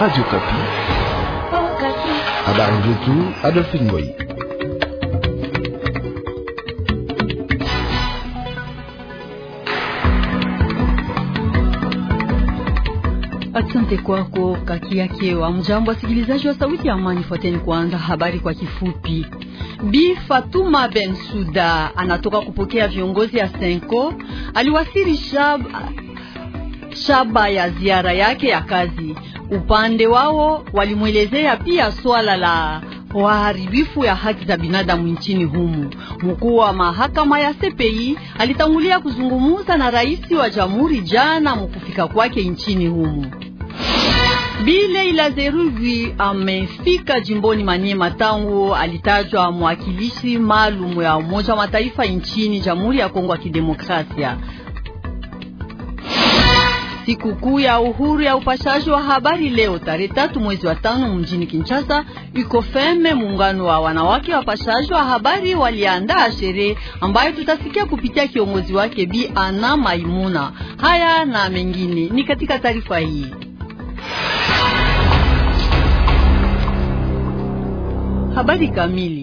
Radio Kapi. Habari zetu Adolphe Ngoy. Asante kwako Kakiake wa mjambo, wasikilizaji wa Sauti ya Amani. Fuateni kwanza habari kwa kifupi. Bi Fatuma Ben Suda anatoka kupokea viongozi ya Senko, aliwasili shab, shaba ya ziara yake ya kazi. Upande wao walimwelezea pia swala la waharibifu ya haki za binadamu nchini humu Mkuu wa mahakama ya CPI alitangulia kuzungumza na rais wa jamhuri jana mkufika kwake nchini Bile ila Zerugi amefika jimboni Manyema tangu alitajwa mwakilishi maalum ya Umoja wa Mataifa nchini Jamhuri ya Kongo ya Kidemokrasia. Sikukuu ya uhuru ya upashaji wa habari leo tarehe tatu mwezi wa tano mjini Kinshasa, Ikofeme, muungano wa wanawake wapashaji wa habari, waliandaa sherehe ambayo tutasikia kupitia kiongozi wake Bi Ana Maimuna. Haya na mengine ni katika taarifa hii. Habari kamili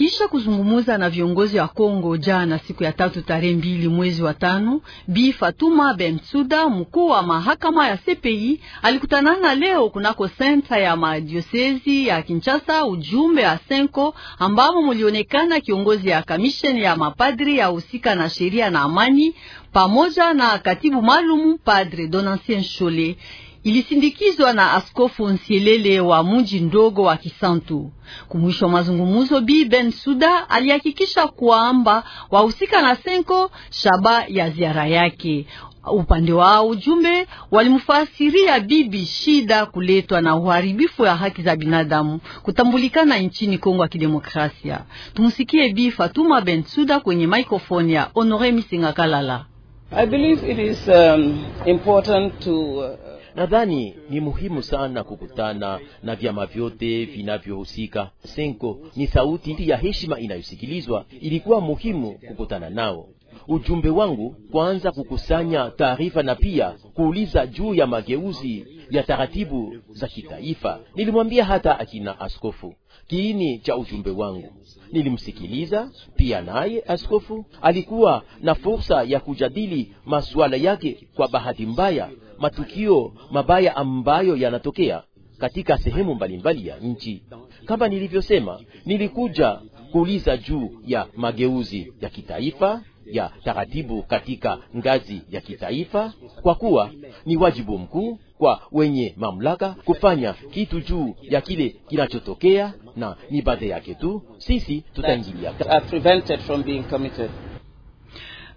kisha kuzungumuza na viongozi wa Kongo jana siku ya tatu tarehe mbili mwezi wa tano, Bi Fatuma Bensouda mkuu wa mahakama ya CPI alikutanana leo kunako senta ya madiosezi ya Kinshasa ujumbe wa Senko ambamo mulionekana kiongozi ya kamisheni ya mapadri ya husika na sheria na amani pamoja na katibu maalumu Padre Donatien chole ilisindikizwa na Askofu Nsielele wa mji ndogo wa Kisantu. Kumwisho wa mazungumzo, Bi Ben Suda alihakikisha kwamba wahusika na Senko shaba ya ziara yake upande wao ujumbe walimfasiria bibi shida kuletwa na uharibifu ya haki za binadamu kutambulikana nchini Kongo ya Kidemokrasia. Tumsikie Bi Fatuma Bensuda kwenye maikrofoni ya Honore misinga Kalala. I believe it is um, important to uh... Nadhani ni muhimu sana kukutana na vyama vyote vinavyohusika. Senko ni sauti ya heshima inayosikilizwa. Ilikuwa muhimu kukutana nao. Ujumbe wangu kwanza kukusanya taarifa na pia kuuliza juu ya mageuzi ya taratibu za kitaifa. Nilimwambia hata akina askofu kiini cha ujumbe wangu. Nilimsikiliza pia, naye askofu alikuwa na fursa ya kujadili masuala yake. Kwa bahati mbaya, matukio mabaya ambayo yanatokea katika sehemu mbalimbali ya nchi, kama nilivyosema, nilikuja kuuliza juu ya mageuzi ya kitaifa ya taratibu katika ngazi ya kitaifa, kwa kuwa ni wajibu mkuu kwa wenye mamlaka kufanya kitu juu ya kile kinachotokea, na ni baadhi yake tu sisi tutaingilia.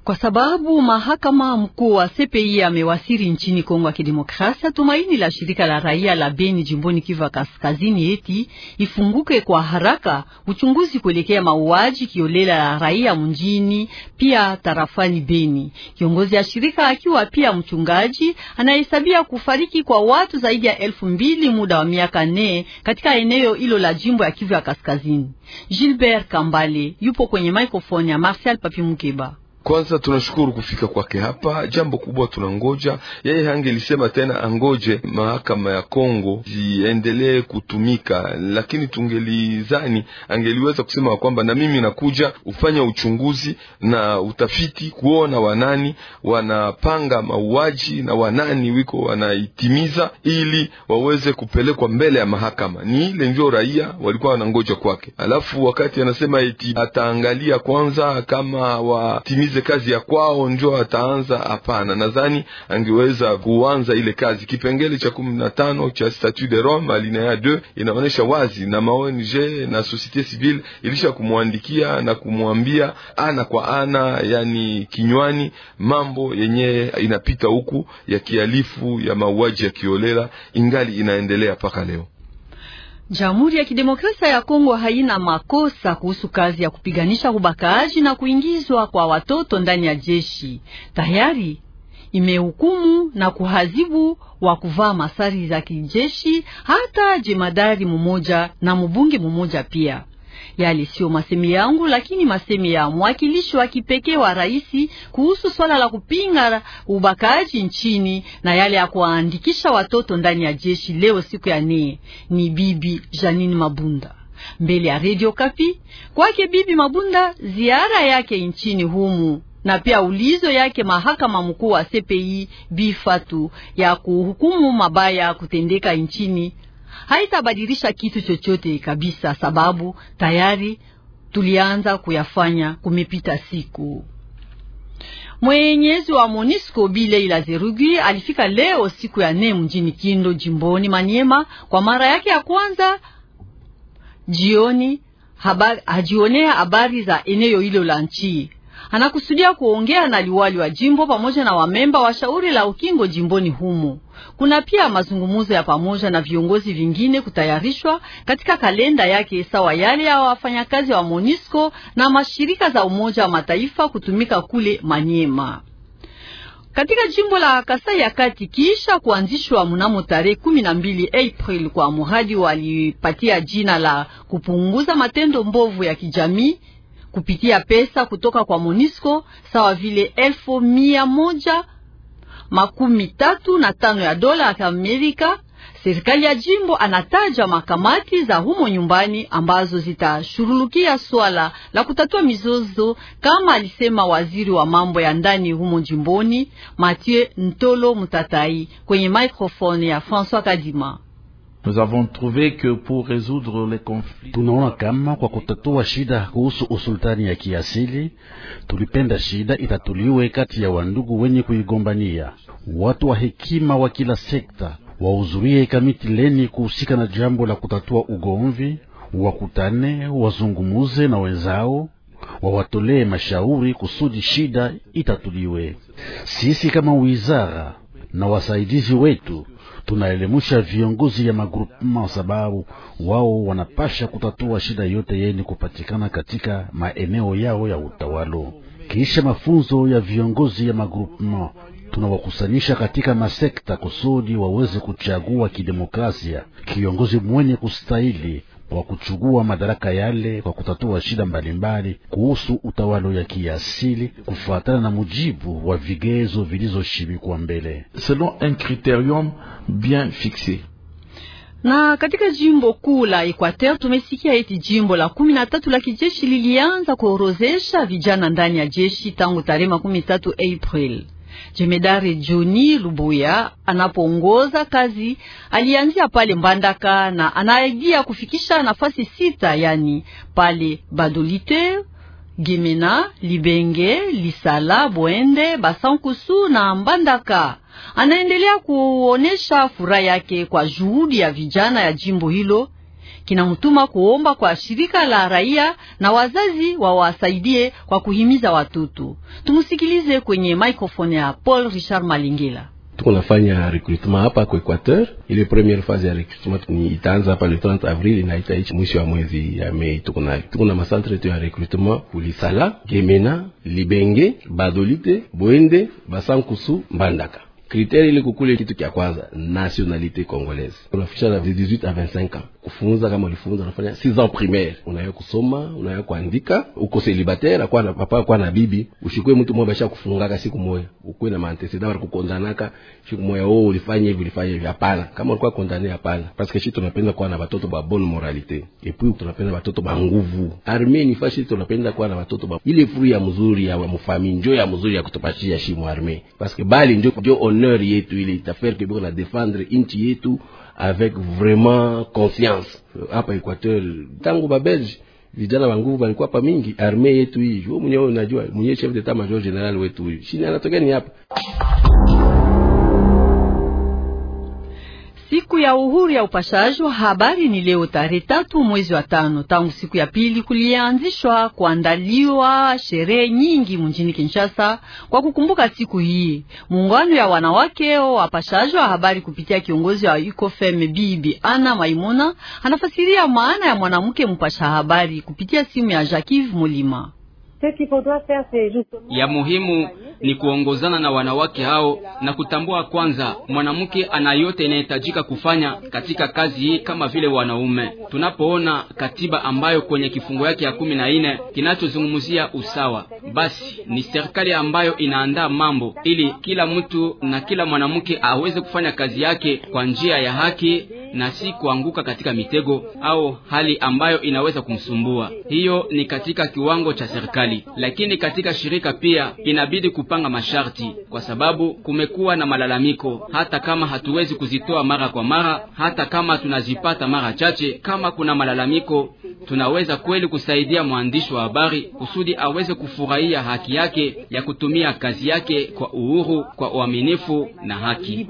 Kwa sababu mahakama mkuu wa CPI amewasiri nchini Kongo ya Kidemokrasia, tumaini la shirika la raia la Beni jimboni Kivu Kaskazini eti ifunguke kwa haraka uchunguzi kuelekea mauaji kiolela la raia mjini pia tarafani Beni. Kiongozi ya shirika akiwa pia mchungaji anahesabia kufariki kwa watu zaidi ya elfu mbili muda wa miaka nne katika eneo hilo la jimbo ya Kivu ya Kaskazini. Gilbert Kambale yupo kwenye mikrofoni ya Martial Papi Mukeba. Kwanza tunashukuru kufika kwake hapa, jambo kubwa tunangoja yeye. Hangelisema tena angoje mahakama ya Kongo ziendelee kutumika, lakini tungelizani angeliweza kusema kwamba na mimi nakuja ufanya uchunguzi na utafiti kuona wanani wanapanga mauaji na wanani wiko wanaitimiza, ili waweze kupelekwa mbele ya mahakama. Ni ile ndio raia walikuwa wanangoja kwake. Alafu wakati anasema eti ataangalia kwanza kama watimiza wamalize kazi ya kwao njo ataanza? Hapana, nadhani angeweza kuanza ile kazi. Kipengele cha kumi na tano cha statut de Rome alinea 2 inaonyesha wazi, na maong na societe civile ilisha kumwandikia na kumwambia ana kwa ana, yani kinywani, mambo yenye inapita huku ya kihalifu ya mauaji ya kiolela ingali inaendelea mpaka leo. Jamhuri ya Kidemokrasia ya Kongo haina makosa kuhusu kazi ya kupiganisha ubakaji na kuingizwa kwa watoto ndani ya jeshi. Tayari imehukumu na kuhazibu wa kuvaa masari za kijeshi hata jemadari mmoja na mbunge mmoja pia. Yale sio masemi yangu, lakini masemi ya mwakilishi wa kipekee wa rais kuhusu swala la kupinga ubakaji nchini na yale ya kuandikisha watoto ndani ya jeshi leo siku ya nne, ni bibi Janine Mabunda mbele ya Radio Kapi. Kwake bibi Mabunda, ziara yake nchini humu na pia ulizo yake mahakama mkuu wa CPI Bifatu ya kuhukumu mabaya kutendeka nchini haitabadilisha kitu chochote kabisa, sababu tayari tulianza kuyafanya, kumepita siku Mwenyezi wa Monisco Ila zerugi alifika leo siku ya nne mjini Kindo jimboni Maniema kwa mara yake ya kwanza jioni, hajionea habari za eneo hilo la nchi anakusudia kuongea na liwali wa jimbo pamoja na wamemba wa shauri la ukingo jimboni humo. Kuna pia mazungumzo ya pamoja na viongozi vingine kutayarishwa katika kalenda yake sawa yale ya wafanyakazi wa monisco na mashirika za Umoja wa Mataifa kutumika kule Manyema. Katika jimbo la Kasai ya Kati kisha kuanzishwa mnamo tarehe kumi na mbili April kwa mradi walipatia jina la kupunguza matendo mbovu ya kijamii kupitia pesa kutoka kwa Monisco sawa vile elfu mia moja makumi tatu na tano ya dola ya Amerika. Serikali ya jimbo anataja makamati za humo nyumbani ambazo zitashurulukia swala la kutatua mizozo, kama alisema waziri wa mambo ya ndani humo jimboni Mathieu Ntolo Mutatai kwenye microphone ya François Kadima. Nous avons trouvé que pour résoudre les conflits, tunaona kama kwa kutatua shida kuhusu usultani ya kiasili, tulipenda shida itatuliwe kati ya wandugu wenye kuigombania. Watu wa hekima wa kila sekta wahudhurie kamiti leni kuhusika na jambo la kutatua ugomvi, wakutane, wazungumuze na wenzao wawatolee mashauri kusudi shida itatuliwe. Sisi kama wizara na wasaidizi wetu tunaelemusha viongozi ya magrupema, sababu wao wanapasha kutatua shida yote yeni kupatikana katika maeneo yao ya utawalo. Kisha mafunzo ya viongozi ya magrupema tunawakusanyisha katika masekta kusudi waweze kuchagua kidemokrasia kiongozi mwenye kustahili wa kuchukua madaraka yale kwa kutatua shida mbalimbali kuhusu utawala ya kiasili kufuatana na mujibu wa vigezo vilizoshimikwa mbele selon un criterium bien fixe na katika jimbo kuu la Equateur tumesikia eti jimbo la kumi na tatu la kijeshi lilianza kuorozesha vijana ndani ya jeshi tangu tarehe makumi tatu April. Jemedari Joni Lubuya anapoongoza kazi alianzia pale Mbandaka na anaidia kufikisha nafasi sita, yani pale Badolite, Gemena, Libenge, Lisala, Bwende, Basankusu na Mbandaka. Anaendelea kuonesha furaha yake kwa juhudi ya vijana ya jimbo hilo kinamtuma kuomba kwa shirika la raia na wazazi wawasaidie kwa kuhimiza watoto. Tumusikilize kwenye maikrofoni ya Paul Richard Malingila. Tukunafanya recruitment hapa kwa Equateur. Ile premiere phase ya recruitment ni itaanza hapa le 30 avril na itaishi mwisho wa mwezi ya Mei. Tukunayo tukuna masantre tu ya recruitment kulisala, Gemena, Libenge, Badolite, Bwende, Basankusu, Mbandaka. Kriteri ile kukule kitu kya kwanza nationalité congolaise. Unafisha na 18 à 25 ans kufunza kama ulifunza unafanya six ans primaire, unayo kusoma unayo kuandika, uko celibataire kwa na papa kwa na bibi, ushikwe mtu mmoja basha kufungaka siku moja, ukwe na manteseda wala kukondanaka siku moja, wewe oh, ulifanya hivi ulifanya hivi. Hapana, kama ulikuwa kondane, hapana, parce que sisi tunapenda kuwa na watoto ba bonne moralité et puis tunapenda watoto ba nguvu armée ni fashi, tunapenda kuwa na watoto ba ile fruit ya mzuri ya mfami njo ya mzuri ya kutupashia shimo armée, parce que bali njo njo honneur yetu ile itafaire que bon na défendre inchi yetu avec vraiment conscience hapa Equateur tangu babelge vijana wa nguvu walikuwa pa mingi. Armee yetu hii, wewe mwenyewe unajua, mwenyewe chef d'état major general wetu huyu shini anatokea ni hapa ya uhuru ya upashaji wa habari ni leo tarehe tatu mwezi wa tano. Tangu siku ya pili kulianzishwa kuandaliwa sherehe nyingi mjini Kinshasa kwa kukumbuka siku hii. Muungano ya wanawake wapashaji wa habari kupitia kiongozi wa UCOFEM Bibi Ana Maimuna anafasiria maana ya mwanamke mpasha habari kupitia simu ya Jacques Mulima. Ya muhimu ni kuongozana na wanawake hao na kutambua kwanza mwanamke ana yote inahitajika kufanya katika kazi hii kama vile wanaume. Tunapoona katiba ambayo kwenye kifungo yake ya kumi na nne kinachozungumzia usawa, basi ni serikali ambayo inaandaa mambo ili kila mtu na kila mwanamke aweze kufanya kazi yake kwa njia ya haki na si kuanguka katika mitego au hali ambayo inaweza kumsumbua. Hiyo ni katika kiwango cha serikali, lakini katika shirika pia inabidi kupanga masharti, kwa sababu kumekuwa na malalamiko, hata kama hatuwezi kuzitoa mara kwa mara, hata kama tunazipata mara chache. Kama kuna malalamiko, tunaweza kweli kusaidia mwandishi wa habari kusudi aweze kufurahia haki yake ya kutumia kazi yake kwa uhuru, kwa uaminifu na haki.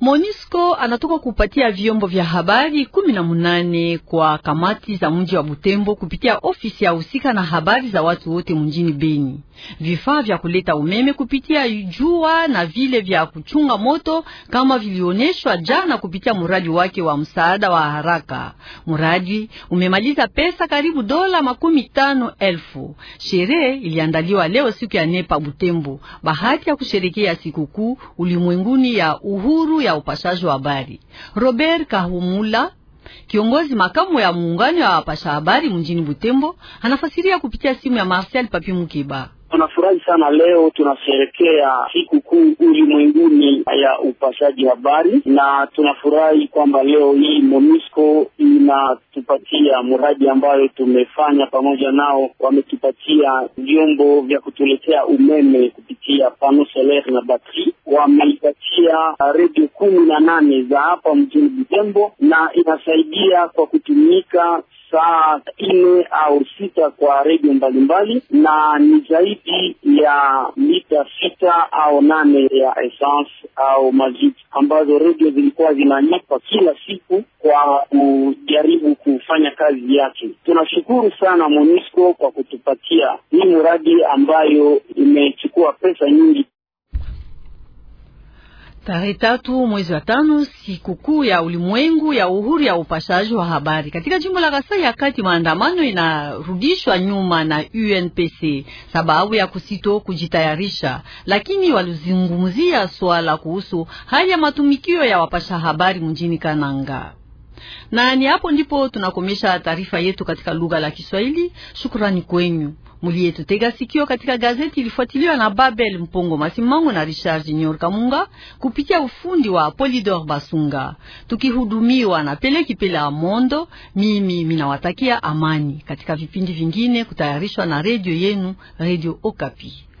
Monisco anatoka kupatia vyombo vya habari kumi na munane kwa kamati za mji wa Butembo kupitia ofisi ya husika na habari za watu wote mjini Beni. Vifaa vya kuleta umeme kupitia jua na vile vya kuchunga moto kama vilionyeshwa jana kupitia mradi wake wa msaada wa haraka. Mradi umemaliza pesa karibu dola makumi tano elfu. Sherehe iliandaliwa leo siku ya nepa Butembo, bahati ya kusherekea sikukuu ulimwenguni ya uhuru ya upashaji wa habari. Robert Kahumula kiongozi makamu ya muungano ya wapasha habari mjini Butembo anafasiria kupitia simu ya Marcel Papi Mukeba. Tunafurahi sana leo tunasherekea siku kuu ulimwenguni ya upashaji habari, na tunafurahi kwamba leo hii MONUSCO inatupatia mradi ambayo tumefanya pamoja nao. Wametupatia vyombo vya kutuletea umeme kupitia pano solaire na batri, wameipatia redio kumi na nane za hapa mjini Butembo, na inasaidia kwa kutumika saa nne au sita kwa redio mbalimbali, na ni zaidi ya lita sita au nane ya essence au mazuti ambazo redio zilikuwa zinanipa kila siku kwa kujaribu kufanya kazi yake. Tunashukuru sana MONUSCO kwa kutupatia hii mradi ambayo imechukua pesa nyingi Tarehe tatu mwezi wa tano, sikukuu ya ulimwengu ya uhuru ya upashaji wa habari katika jimbo la Kasai ya Kati. Maandamano inarudishwa nyuma na UNPC sababu ya kusito kujitayarisha, lakini walizungumzia swala kuhusu hali ya matumikio ya wapasha habari mjini Kananga na ni hapo ndipo tunakomesha taarifa yetu katika lugha la Kiswahili. Shukrani kwenyu tega sikio katika gazeti ilifuatiliwa na Babel Mpongo Masimango na Richard Nyor Kamunga kupitia ufundi wa Polidor Basunga, tukihudumiwa na Pele Kipela Mondo. Mimi minawatakia amani katika vipindi vingine kutayarishwa na redio yenu, Redio Okapi.